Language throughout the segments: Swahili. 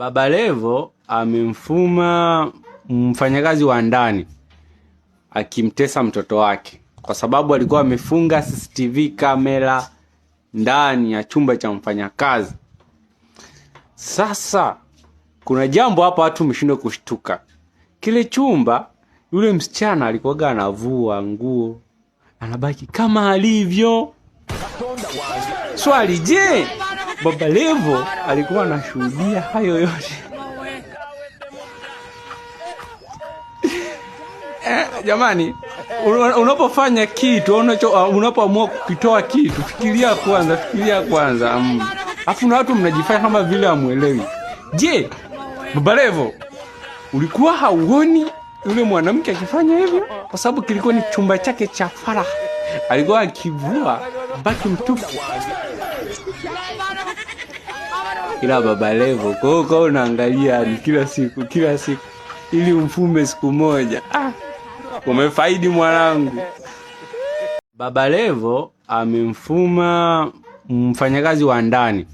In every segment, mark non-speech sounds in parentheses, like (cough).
Baba Levo amemfuma mfanyakazi wa ndani akimtesa mtoto wake kwa sababu alikuwa amefunga CCTV kamera ndani ya chumba cha mfanyakazi. Sasa kuna jambo hapa watu mshindwa kushtuka. Kile chumba yule msichana alikuwaga anavua nguo, anabaki kama alivyo. Swali, je, Baba Levo alikuwa anashuhudia hayo yote. Eh, jamani, unapofanya kitu unacho, uh, unapoamua kukitoa kitu, fikiria kwanza, fikiria kwanza. Mm. Alafu na watu mnajifanya kama vile hamuelewi. Je, Baba Levo ulikuwa hauoni yule mwanamke akifanya hivyo? Kwa sababu kilikuwa ni chumba chake cha faraha alikuwa akivua baki mtupu ila Baba Levo. Kwa unaangalia ni kila siku kila siku, ili umfume siku moja. Ah, umefaidi mwanangu. Baba Levo amemfuma mfanyakazi wa ndani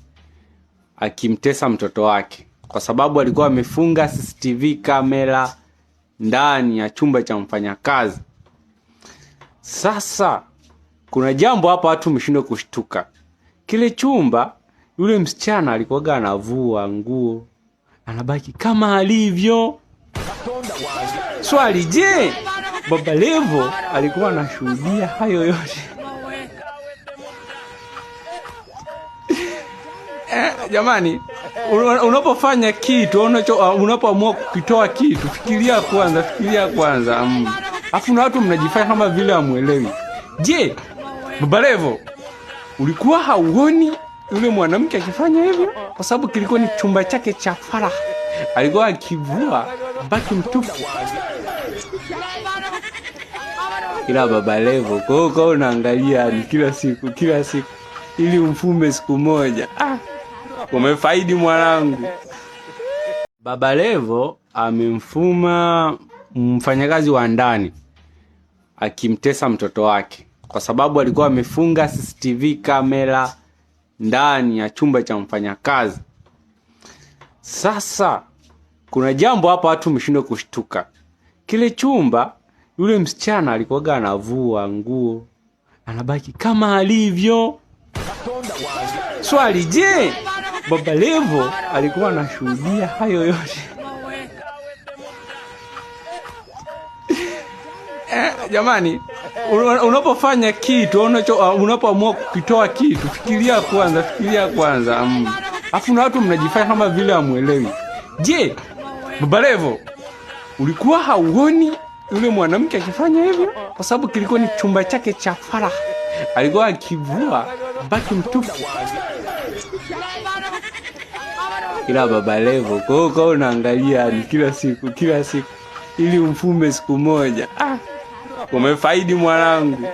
akimtesa mtoto wake, kwa sababu alikuwa amefunga CCTV kamera ndani ya chumba cha mfanyakazi. Sasa kuna jambo hapa watu meshindwa kushtuka, kile chumba yule msichana alikuwaga anavua nguo anabaki kama alivyo. Swali, je, Baba Levo alikuwa anashuhudia hayo yote? (laughs) Eh, jamani, unapofanya kitu unacho, uh, unapoamua kukitoa kitu fikiria kwanza, fikiria kwanza mm. alafu Na watu mnajifanya kama vile hamwelewi. Je, Baba Levo ulikuwa hauoni yule mwanamke akifanya hivyo, kwa sababu kilikuwa ni chumba chake cha faraha, alikuwa akivua baki mtupu Kila Baba Levo kwao kwao, unaangalia ni kila siku kila siku, ili umfume siku moja. Ah, umefaidi mwanangu. Baba Levo amemfuma mfanyakazi wa ndani akimtesa mtoto wake, kwa sababu alikuwa amefunga CCTV kamera ndani ya chumba cha mfanyakazi. Sasa kuna jambo hapa watu mshindwa kushtuka. Kile chumba yule msichana alikuwaga anavua nguo, anabaki kama alivyo. Swali, je, Baba Levo alikuwa anashuhudia hayo yote? (laughs) Eh, jamani unapofanya kitu unapoamua kukitoa kitu, fikiria kwanza, fikiria kwanza. Mm. Afu na watu mnajifanya kama vile hamwelewi. Je, Levo, ulikuwa hauoni yule mwanamke akifanya hivyo? Kwa sababu kilikuwa ni chumba chake cha faraha, alikuwa akivua baki mtupu ila Baba Levo kwao, unaangalia ni kila siku kila siku, ili umfume siku moja ah umefaidi mwanangu.